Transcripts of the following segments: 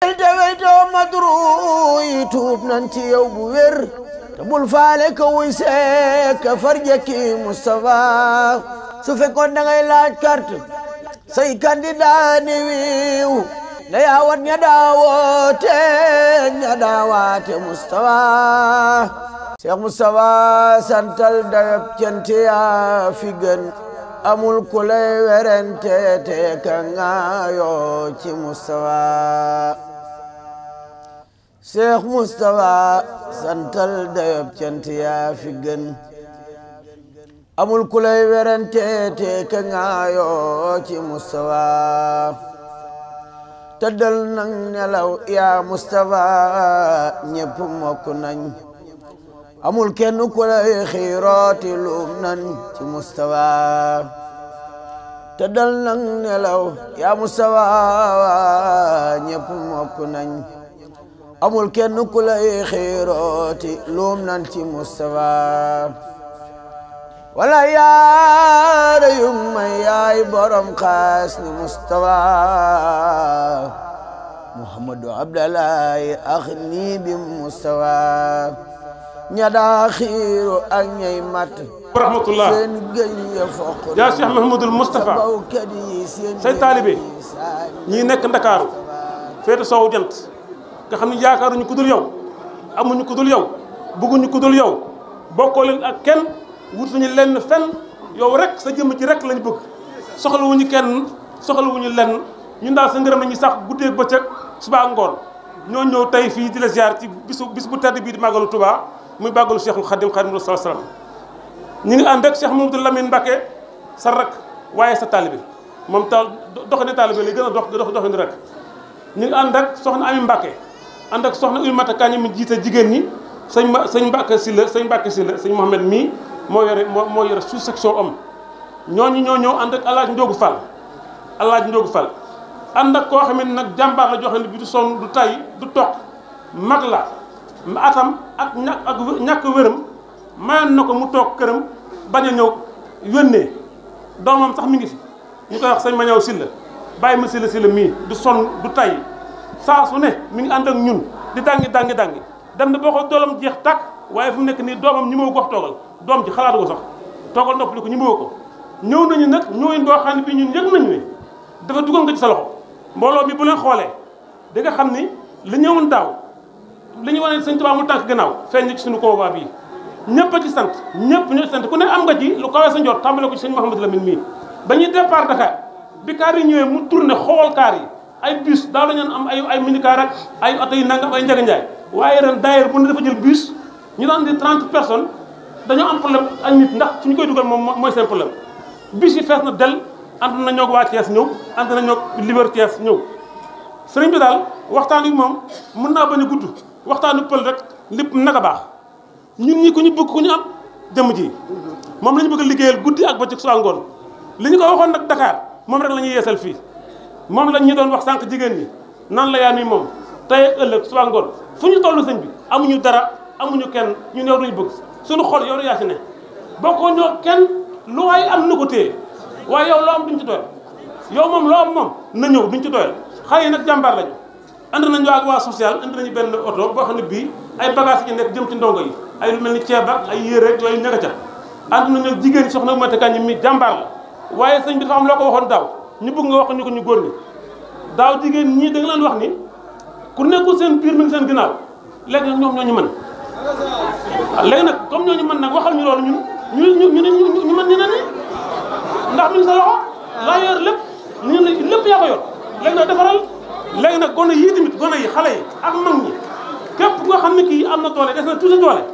te weytoo madru yi tuub su fekkoon da ngay laaj carte na yaawat ña daawoote ña daawaate Moustapha santal dayab cente yaa fi gën amul ku lay werente te ka ngaayoo ci Moustapha Cheikh Moustapha santal dayob cant yaa fi gën amul ku lay werante te ka ngaayoo ci Moustapha tëddal nang nelaw yaa Moustapha ñépp mokk nañ amul kenn ku lay xiirooti luum nan ci Moustapha tëddal nang nelaw yaa Moustapha ñépp mokk nañ amul kenn ku lay xiirooti luum nan ci Mustafa wala yaara yu may yaay borom xaas ni Mustafa Muhammadu Abdallahi ax nii bi Mustafa ña daa xiiru ak ñay mat rahmatullah seen gëñ ya foq yaa Cheikh Mahamadul Mustafa say taalibe ñii nekk Ndakaaru féete sowu jant nga xam ne yaakaaruñu ku dul yow amuñu ku dul yow bëgguñu ku dul yow bokkoo leen ak kenn wutuñu lenn fenn yow rek sa jëmm ci rek lañ bëgg soxlawuñu kenn soxlawuñu lenn ñun daal sa ngërëm la ñuy sax guddee bëccëg subaa ngoon ñoo ñëw tey fii di la ziar ci bisu bis bu tedd bii di màggalu Tuubaa muy màggalu Cheikhul Khadim Khadim Rasul sallam ñu ngi ànd ak Cheikh Mamadou Lamine Mbacke sa rak waaye sa taalibe moom taal doxandi taalibe li gën a dox dox doxandi rek ñu ngi ànd ak soxna Ami Mbacke ànd ak soxna Oulimata Kagne mi jiite jigéen ñi sëñ ma sañ Mbacke Sylla sañ Mbacke Sylla sëñ Mouhamed mii moo yore moo moo yore sous section homme ñooñu ñoo ñëw ànd ak alaaj Ndiogu Fall alaaj Ndiogu koo xam nag jàmbaar la bi du sonn du tay du toq mag la atam ak ña ak ñàkk wéram ko mu toog këram bañ a ñëw yónnee doomam sax mi ngi fi ñu koy sëñ ma ñëw Sylla bàyyi ma Sylla Sylla mii du sonn du tay saa su ne mi ngi ànd ak ñun di tàngi tàngi tàngi dem na boo ko doolam jeex tàkk waaye fu mu nekk nii doomam ñi moo ko wax toogal doom ji xalaatu ko sax toogal noppali ko ñi moo ko ñëw nañu nag ñëwin boo xam ne bii ñun yëg nañu ne dafa dugal nga ci sa loxo mbooloo mi bu leen xoolee di nga xam ni li ñëwoon daaw li ñu wane sëñ Tuubaa mu tànk gannaaw feeñ ci suñu convoi bii ñëpp a ci sant ñëpp ñoo ci sant ku ne am nga ji lu kawee sa njort tàmbale ko ci sëñ Mouhamadou Lamine mii ba ñuy départ Dakar bi kaar yi ñëwee mu tourné xool kaar yi ay bus daa dañu am ay ay minicar rek ay oto yu nangam ay njaganjaay waaye ren daayir bu ne dafa jël bus ñu daan di 30 personnes dañoo am problème ak nit ndax suñu koy dugal moom mooy seen problème bus yi fees na del ànd na ñoog waa Thiès ñëw ànd na ñoog Liberté Thiès ñëw sëriñ bi daal waxtaan wi moom mën naa bañ a gudd waxtaanu pël rek lépp a baax ñun ñii ku ñu bëgg ku ñu am jëmm ji moom lañu ñu liggéeyal guddi ak bëccëg su ngoon li ñu ko waxoon nag Dakar moom rek la yeesal fii moom lañ ñu doon wax sànq jigéen ñi nan la yaa nii moom tey ëllëg suba ngoon fu ñu toll sëñ bi amuñu dara amuñu kenn ñu new duñ bëgg suñu xol yow yaa si ne bokkoo ñoo kenn lu waay am na ko téye waaye yow loo am duñ ci doyal yow moom loo am moom na ñëw duñ ci doyal xale yi nag jàmbaar lañu ànd nañu ak waa social ànd nañu benn oto boo xam ne bii ay bagages yi nekk jëm ci ndongo yi ay lu mel ni ceeb ak ay yére ak yooyu nekk na ànd nañu jigéen soxna Mate Kañ mi jàmbaar la waaye sëñ bi dafa am loo ko waxoon daaw ñu bëgg nga wax ñu ko ñu góor ñi daaw jigéen ñii da nga leen wax ni ku nekkul seen biir mi ngi seen ginnaaw léegi nag ñoom ñoo ñu mën léegi nag comme ñoo ñu mën nag waxal ñu loolu ñun ñu ñu ñu ñu mën ñeneen ñi ndax mi ngi sa loxo laa yor lépp ñu ne lépp yaa ko yor léegi nag defaral léegi gone yii tamit gone yi xale yi ak mag ñi képp koo xam ne kii am na doole des na tout sa doole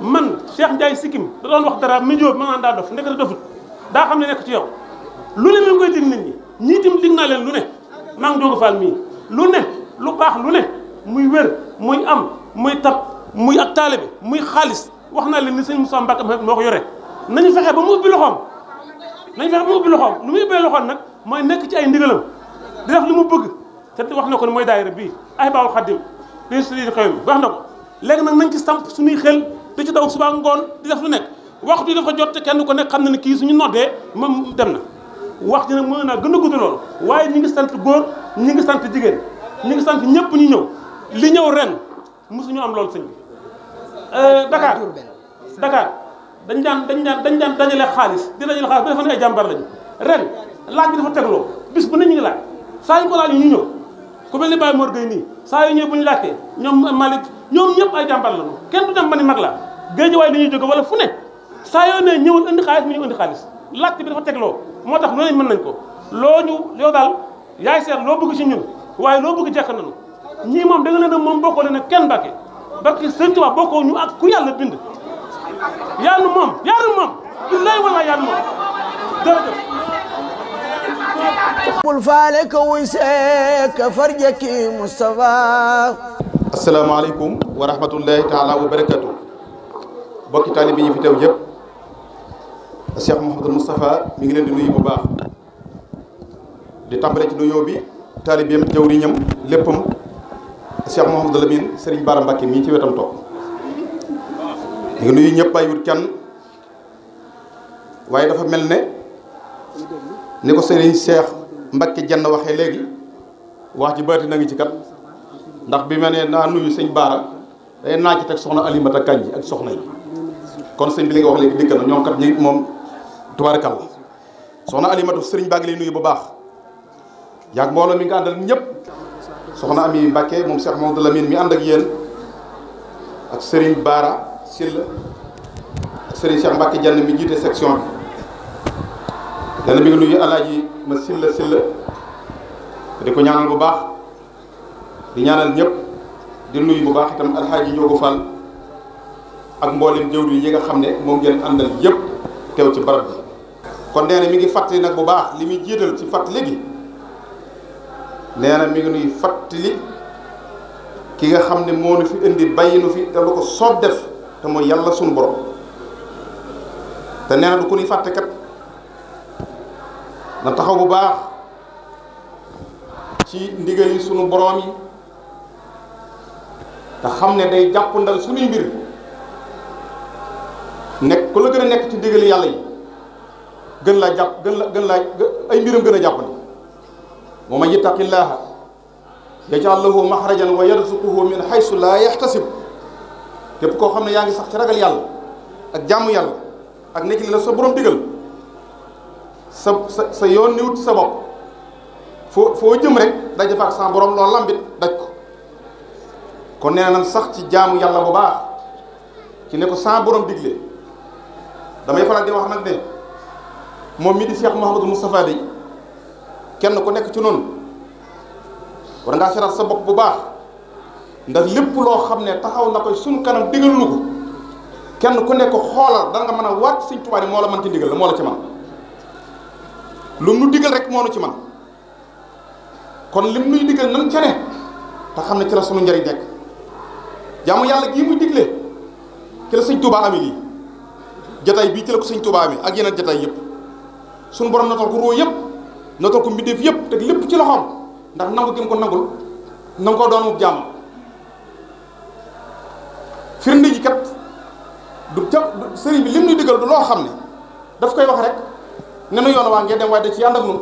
man Cheikh Ndiaye Sikkim da doon wax dara météo bi ma naan daa dof ndekete dofut daa xam ne nekk ci yow. lu ne mi ngi koy dig nii ñi ti tim dig naa leen lu ne maa ngi doog faal mii lu ne lu baax lu ne muy wér muy am muy tab muy ak taalibe muy xaalis wax naa leen ni sëñ Moussa Mbacke moo ko yore nañu fexe ba mu ubbi loxoom nañu fexe ba mu ubbi loxoom lu muy ubbee loxoom nag mooy nekk ci ay ndigalam di def lu mu bëgg te wax na ko ne mooy daayira bii ay baawul xaddim li su mi wax na ko léegi nag nañ ci samp suñuy xel di ci daw suba ngoon di def lu nekk waxtu yi dafa jot te kenn ko nekk xam na ne kii su ñu noddee moom dem na wax ji nag naa gën a gudd lool waaye ñi ngi sant góor ñi ngi sant jigéen ñi ngi sant ñëpp ñu ñëw li ñëw ren mosuñu am loolu sëñ bi euh, Dakar Dakar dañ daan dañ daan dañ daan dajale xaalis di dajale xaalis ba defoon ay jàmbar lañu ren laaj bi dafa bis bu ne ñu ngi laaj saa yu ko laaj ñu ñëw ku mel ni moo Mor Gueye nii saa yu ñëw bu ñu laajtee ñoom Malick ñoom ñëpp ay jàmbar lañu kenn du dem ba ni mag la géej waaye dañuy jóge wala fu ne saa yoo ne ñëwul indi xaalis mu ñu indi xaalis laaj bi dafa tegloo moo tax loolu mën nañ ko loo ñu yow daal yaay seet loo bëgg ci ñun waaye loo bëgg jekk nañu ñii moom da nga leen a moom bokkoo leen ak kenn Mbàkke barke Sëñ Tuubaa bokkoo ñu ak ku yàlla bind yàlla nu moom yàlla nu moom billaay wala yàlla moom jërëjëf bul faale ko wuy fa farje ki Moustapha asalaamaaleykum wa rahmatullahi taala wa barakatu bokki taalibe Cheikh Mouhamadou Moustapha mi ngi leen di nuyu bu baax di tàmbale ci nuyoo bi taalibeem jawriñam léppam Cheikh Mouhamadou Lamine Serigne Bara mbakki mii ci wetam toog mi ngi nuyu ñëpp ay wut kenn waaye dafa mel ne ni ko Serigne seex mbakki jenn waxee léegi wax ji baati na ngi ci kat ndax bi ma ne naa nuyu sëñ Bara day naa ci teg soxna Alimata Kanji ak soxna yi kon sëñ bi li nga wax léegi dikk na ñoom kat ñi moom. tubaarkalla soxna alimatu sëriñ baa ngi lay nuyu bu baax yaag mbooloo mi nga àndal ñëpp soxna ami Mbàkke moom Cheikh Mamadou Lamine mi ànd ak yéen ak sëriñ Baara Silla ak sëriñ Cheikh Mbàkke Jann mi jiite section bi dana mi ngi nuyu alaaji ma silla silla di ko ñaanal bu baax di ñaanal ñëpp di nuyu bu baax itam alxaaji Njoogu Fall ak mboolem jëwriñ yi nga xam ne moom ngeen àndal yëpp teew ci barab bi kon nee mi ngi fàttali nag bu baax li muy jiital ci fàttali gi nee na mi ngi nuy fàttali ki nga xam ne moo nu fi indi bàyyi nu fi te lu ko soob def te mooy yàlla sunu borom te nee du ko nuy fàtte kat na taxaw bu baax ci ndigal yi sunu borom yi te xam ne day jàppandal sunuy mbir nekk ku la gën a nekk ci ndigal yàlla yi. gën laa jàpp gën la gën laa ay mbiram gën a jàppandi wa man yattaqillaaha yaj'al lahu maxrajan wa yarzuquhu min xaysu laa yaxtasib képp koo xam ne yaa ngi sax ci ragal yàlla ak jàmm yàlla ak nekk li la sa borom digal sa sa sa yoon ni wut sa bopp jëm rek daje fa ak sa borom daj ko kon nee sax ci jaamu yàlla ko sa borom digle damay faral di wax nag ne moom mii di Cheikh Mouhamadou Moustapha bi kenn ku nekk ci noonu war ngaa seetaat sa bopp bu baax ndax lépp loo xam ne taxaw na koy suñu kanam digal ko kenn ku nekk xoolal da mën a waat Sëñ Tuubaa moo la mën ci digal la moo la ci man lu nu digal rek moo nu ci man kon lim nuy digal nan ca ne te xam ne ci la sunu njëriñ nekk jaamu yàlla gii muy digle ci la Sëñ Tuubaa amee lii jataay bii ci la ko Sëñ Tuubaa amee ak yeneen jataay yëpp. suñu borom natal ko roo yëpp natal ko mbindeef yëpp teg lépp ci loxoom ndax nangu gi mu ko nangul nangu ko doon mu jàmm firnde yi kat du jàpp sëriñ bi lim ñuy digal du loo xam ne daf koy wax rek ne nu yoon waa ngeen dem waaye de ci ànd ak ñun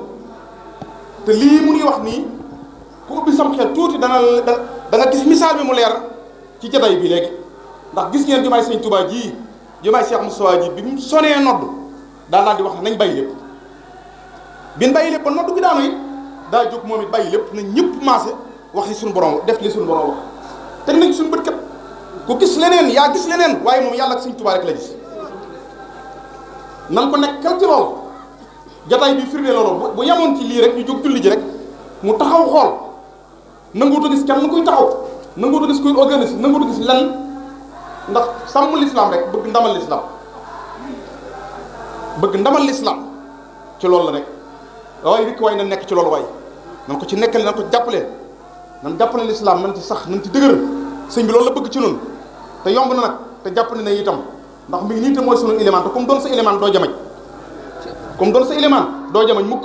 te lii mu ngi wax nii ku ubbi sam xel tuuti dana da nga gis misaal bi mu leer ci jotaay bi léegi ndax gis ngeen jumaay sëñ Tuubaa ji jumaay Cheikh mu ji bi mu sonee nodd daan di wax ne nañ bàyyi lépp bin bàyyi lépp ba noddu gi daanu daa jóg moom it bàyyi lépp na ñëpp maase wax li suñu borom def li suñ borom wax teg nañ suñu bët képp ku gis leneen yaa gis leneen waaye moom yàlla ak suñ tubaa rek la gis nan ko nekkal ci loolu jataay bi firnde loolu bu yemoon ci lii rek ñu jóg julli ji rek mu taxaw xool nanguutu gis kenn kuy taxaw nanguutu gis kuy organise nanguutu gis lan ndax sàmm lislaam rek bëgg ndamal lislaam bëgg ndamal lislaam ci loolu la rek waaye rikk waay na nekk ci loolu waay nan ko ci nekkal nan ko jàppale nan jàppale lislaam nan ci sax nan ci dëgër sëñ bi la bëgg ci noonu te yomb na nag te jàpp na itam ndax mi ngi nii te mooy sunu élément comme doon sa élément doo jamaj comme doo jamañ mukk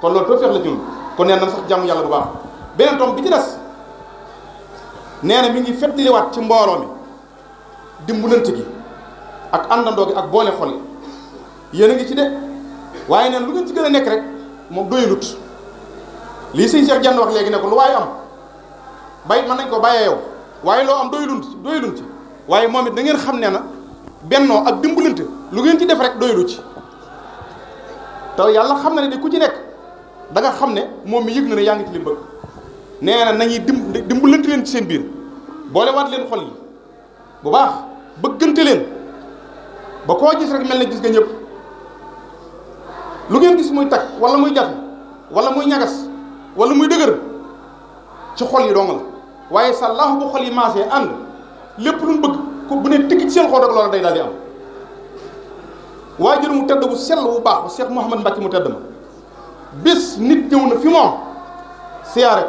kon loolu tawfeex la ci ñun kon nee nan sax jàmm yàlla bu baax beneen toom bi ci des nee na mi ngi fettaliwaat ci mbooloo mi dimbalante gi ak àndandoo gi ak boole xol yi a ngi ci de waaye neen lu ngeen ci gën a nekk rek moom doyalut lii sëñ Cheikh Diagne wax léegi ne lu waaye am bay mën nañ ko bàyyee yow waaye loo am doyulun ci ci waaye moom it da ngeen xam ne na bennoo ak dimbalante lu ngeen ci def rek doylu ci te yàlla xam na ne di ku ci nekk da nga xam ne moom mi yëg na ne yaa ngi ci li bëgg nee na nañuy dim dimbalante leen ci seen biir boolewaat leen xol yi bu baax bëggante leen ba koo gis rek mel na gis nga ñëpp lu ngeen gis muy tag wala muy jat wala muy ñagas wala muy dëgër ci xol yi dong la waaye sa laax bu xol yi maasee ànd lépp lu mu bëgg ko bu ne tikki ci seen xol rek loola day daal di am waajur mu tedd bu sell bu baax bu Cheikh Mouhamad Mbacke mu tedd ma bis nit ñëw na fi moom siyaare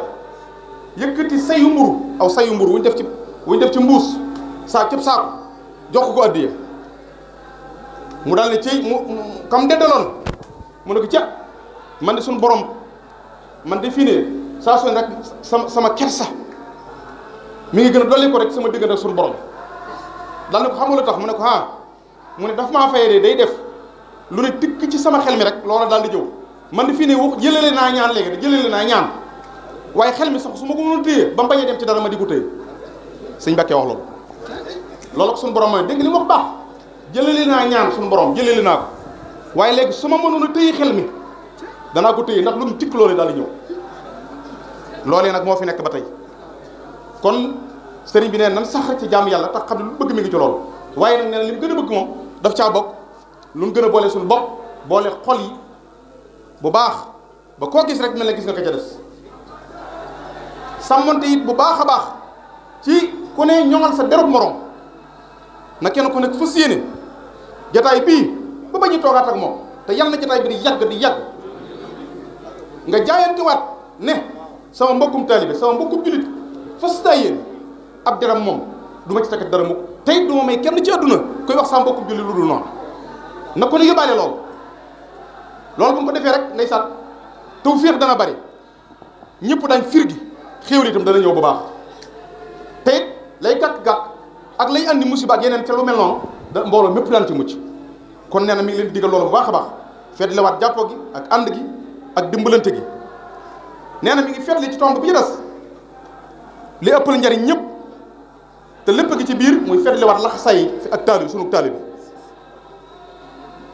yëkkati sayu mburu aw sayu mburu wuñ def ci wuñ def ci mbuus saa cëb saako jox ko addiya mu daal ne ci mu kam deddaloon mu ne ko ca man de suñu borom man de fii ne saa su ne sama sama kersa mi ngi gën a dolli ko rek sama diggante ak suñu borom dal ne ko xam nga lu tax mu ne ko ah mu ne daf maa fayee de day def lu ne tikk ci sama xel mi rek loola daal di jëw man de fii ne wax jëlale naa ñaan léegi de jëlale naa ñaan waaye xel mi sax suma ma ko mënoon téye ba mu dem ci dara ma di ko téye sëñ Mbàkke loolu loolu ak suñu borom mooy dégg nga li mu wax jëlale naa ñaan suñu borom jëlale naa waaye léegi su ma mënoon a téye xel mi danaa ko téye ndax lu mu tikk loolee daal di ñëw loolee nag moo fi nekk ba tey kon sëriñ bi nee nan sax ci jàmm yàlla tax xam ne lu bëgg mi ngi ci loolu waaye nag na li mu gën a bëgg moom daf caa bokk lu mu gën a boole suñu bopp boole xol yi bu baax ba koo gis rek mel na gis nga ko ca des sàmmante it bu baax a baax ci ku ne ñoŋal sa derub moroom na kenn ku nekk fas yéene jataay bii. ba ba ñu toogaat ak moom te yàlla na jotaay bi di yàgg di yàgg nga jaayantiwaat ne sama mbokkum taalibe sama mbokkum julit fas naa yéen ab deram moom du ma ci takkat dara mukk tey du ma may kenn ci àdduna koy wax sama mbokkum julit lu dul noonu na ko ne yóbbaale loolu loolu bu ko defee rek ndeysaan tawféex dana bari ñëpp daañ firgi xéewal itam dana ñëw bu baax tey lay gàkk-gàkk ak lay andi musiba ak yeneen ca lu mel noonu da mbooloo mépp daan ci kon nee na mi ngi leen di digal loolu bu baax a baax fetli waat jàppoo gi ak ànd gi ak dimbalante gi nee na mi ngi fetli ci tomb bi ci des li ëppal njariñ ñépp te lépp gi ci biir muy fetli waat laxasay ak taali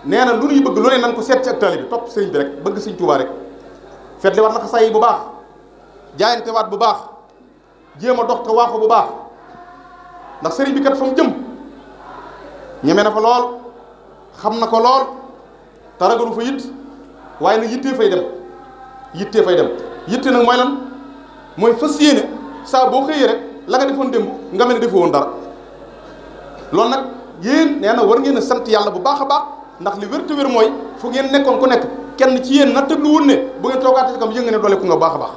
na lu ñuy bëgg lu ne ko seet ci bi topp sëriñ bi bëgg sëriñ Tuubaa rek fetli waat laxasay bu baax jaayante waat bu baax jéem a dox te waaxu bu baax ndax sëriñ bi kat fa mu jëm ñeme na fa lool xam na ko lool te ragalu fa it waaye nag yittee fay dem yittee fay dem yitte nag mooy lan mooy fas yéene saa boo xëyee rek la nga defoon démb nga mel ne defoo woon dara loolu nag yéen nee na war ngeen sant yàlla bu baax a baax ndax li wér te wér mooy fu ngeen nekkoon ku nekk kenn ci yéen nattab lu wun ne bu ngeen toogaatee kam yëg nga ne dooleeku nga baax a baax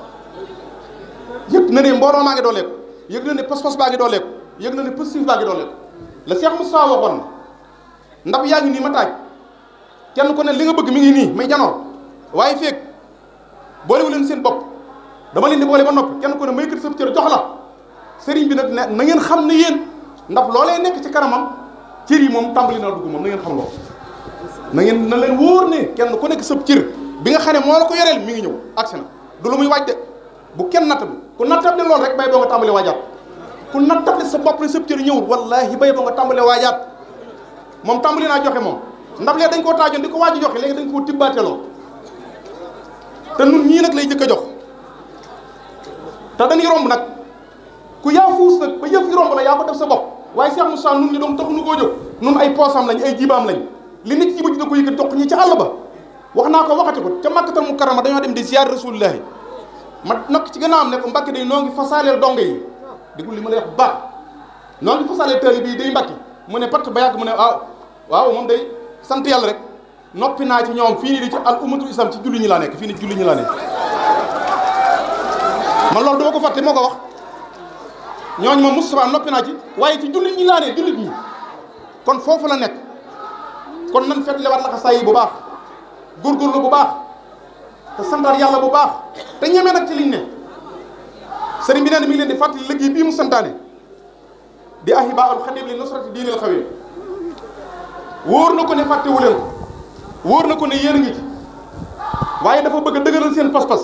yëg na ne mbooloo maa ngi dooleeku yëg na ne pas-pas baa ngi dooleeku yëg na ne positif baa ngi dooleeku la ndax yaa ngi nii ma taaj kenn ku ne li nga bëgg mi ngi nii may janoor waaye feeg boolewu leen seen bopp dama leen di boole ba noppi kenn ku ne may kër sa jox la sëriñ bi nag ne na ngeen xam ne yéen ndax loolee nekk ci kanamam cër yi moom tàmbali naa dugg moom na ngeen xam loolu na ngeen na leen wóor ne kenn ku nekk sëb cër bi nga xam ne moo ko yoreel mi ngi ñëw agsi na du lu muy waaj de bu kenn nattab ku nattab li loolu rek bay boo nga tàmbali waajaat ku nattab li sa bopp ne sëb cër ñëwul wallaahi bay boo nga tàmbali waajaat moom tàmbali naa joxe moom ndab lee dañ koo taajoon di ko waaj joxe léegi dañ koo tibbaateloo te nun ñii nag lay jëkk a jox te dañuy romb nag ku yaa fuus nag ba yëf yi romb la yaa ko def sa bopp waaye Cheikh Moussa nun ñi doom taxuñu koo jóg nun ay poosam lañ ay jibaam lañ li nit ci bëj da ko yëkkat jox ñi ci àll ba wax naa ko waxati ko ca tam Makkatal Mukarrama dañoo dem di ziar Rasulullahi ma nag ci gën a am ne ko Mbàkke day noo ngi fasaaleel dong yi déglu li ma lay baax noo ngi fasaaleel taalibe day Mbàkke mu ne patt ba yàgg mu ne ah waaw moom day sant yàlla rek noppi naa ci ñoom fii nii di ci al ummatul islam ci julli ñi laa nekk fii nii julli ñi laa nekk man loolu duma ko fàtte moo ko wax ñooñu moom Moustapha noppi naa ci waaye ci jullit ñi laa ne jullit kon foofu la nekk kon nan fekk lewaat laxasaay yi bu baax góorgóorlu bu baax te santaat yàlla bu baax te ñeme nag ci liñ ne sëriñ bi nee na mi leen di fàttali léegi bii mu santaane di ahiba al xadim li nusrati diinil xawim wóor na ko ne fàttewu leen ko wóor na ko ne yéen a waaye dafa bëgg a dëgëral seen pas-pas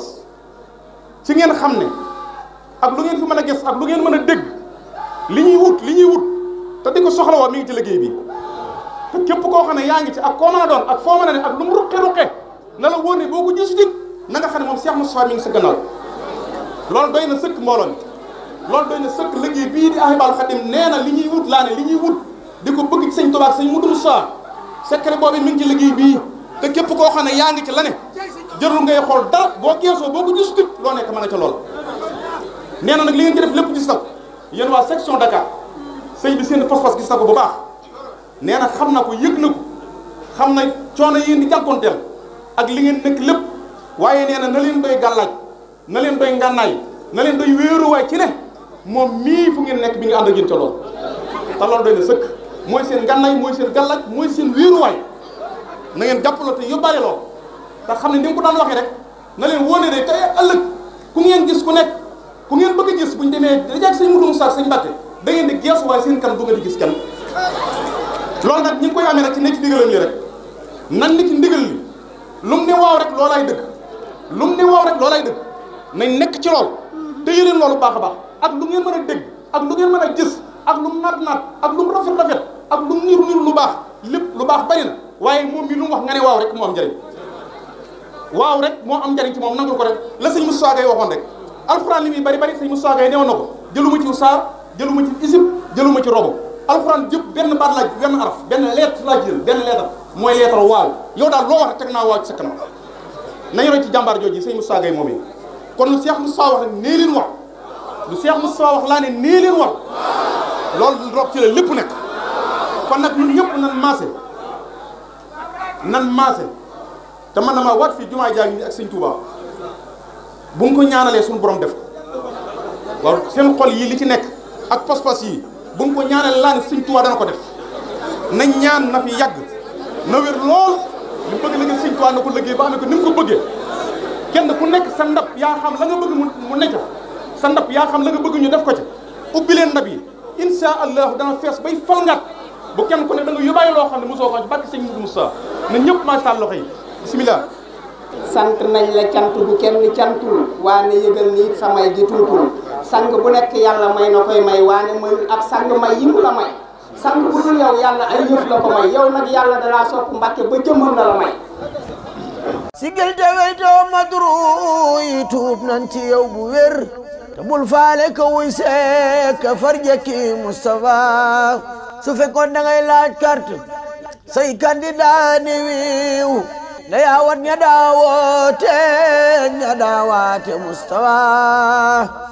ci ngeen xam ne ak lu ngeen fi mën a gis ak lu ngeen mën a dégg li ñuy wut li ñuy wut te di ko soxlawoo mi ngi ci liggéey bi te képp koo xam ne yaa ngi ci ak koo mën a doon ak foo mën a ne ak lu mu ruqe-ruqe na la wóor ne boo ko gisu dig na nga xam ne moom Cheikh Moustapha mi ngi sa gannaaw loolu doy na sëkk mbooloo mi loolu doy na sëkk liggéey bii di Ahibahil Khadim nee na ñuy wut laa li ñuy wut di ko bëgg ci sëñ Tuubaa sëñ Mudu Musaa secret boobu mi ngi ci liggéey bii te képp koo xam yaa ngi ci la ne jërul ngay xool dara boo geesoo boo ko gisut loo nekk mën a ca lool nee na nag li ngeen ci def lépp gis na ko yéen waa section Dakar sëñ bi seen pas-pas gis na bu baax nee na xam na ko yëg na xam na coono yi ngeen di jànkoonteel ak li ngeen nekk lépp waaye nee na na leen doy gàllaaj na leen doy ngànnaay na leen doy wéeruwaay ci ne moom mii fu ngeen nekk bi nga ànd ak yéen ca lool mooy seen ngànnaay mooy seen gàllak mooy seen wéeruwaay na ngeen jàppaloo te yóbbaale loo te xam ne ni nga ko daan waxee rek na leen wóone de tey ëllëg ku ngeen gis ku nekk ku ngeen bëgg a gis bu ñu demee dajeeg sëñ Mudu Musaa sëñ Mbàkke da ngeen di gees waaye seen kan du nga di gis kenn loolu nag ñu ngi koy amee rek ci nekk ci ndigalam yi rek nan ni ci ndigal li lum ne waaw rek loolay dëgg lum ne nekk ci lool te yéen loolu baax a baax ak lu ngeen mën a dégg ak lu ngeen mën a gis ak lu mu naat naat ak lu mu rafet rafet ak lu ñur ñur lu baax lépp lu baax bari na waaye moom mi lu mu wax nga ne waaw rek moo am njëriñ waaw rek moo am njëriñ ci moom nangul ko rek la sëñ Moustapha Gaye waxoon rek alxuraan li muy bari bari sëñ Moustapha Gaye na ko jëluma ci saar jëluma ci isib jëluma ci robo alxuraan jëpp benn baat laaj benn araf benn lettre laaj benn lettre mooy lettre waaw yow daal loo wax teg naa waaw ci sa kanam nañu ci jàmbaar jooju sëñ Moustapha Gaye moom kon lu Cheikh Moustapha wax nee lu Cheikh laa ne nee leen wax loolu rob ci la lépp nekk kon nag ñun ñëpp nan maase nan maase te man dama waat fii jumaa jaa ngi nii ak sëñ Tuubaa bu ñu ko ñaanalee suñu borom def ko waaw seen xol yii li ci nekk ak pas yi yii bu ñu ko ñaanalee laan sëñ Tuubaa dana ko def na ñaan na fi yàgg na wér lool li bëgg liggéey sëñ Tuubaa na ko liggéey ba amee ko ko bëggee kenn ku nekk sa ndab yaa xam la nga bëgg mu nekk sa ndab yaa xam la nga bëgg ñu def ko ci ubbi leen ndab yi insha allahu dana fees bay falngaat bu kenn ku ne da nga loo xam ne mosoo ko ci barke sëñ Moudou Moussa na ñëpp maa sàll loxo yi bisimilah. sant nañ la cant bu kenn cantul waane yëgal ni samay ji tuntul sang bu nekk yàlla may na koy may waane may ak sang may yi mu la may sang bu dul yow yàlla ay yëf la ko may yow nag yàlla dalaa sopp mbàkke ba jëmmam na la may. sigil te weytoo madru yi tuub nan ci yow bu wér te bul faale ka wuy seek ka farjaki Moustapha su fekkoon da ngay laaj carte say candidat wiiw na yaa ña daawoote ña daawaate Moustapha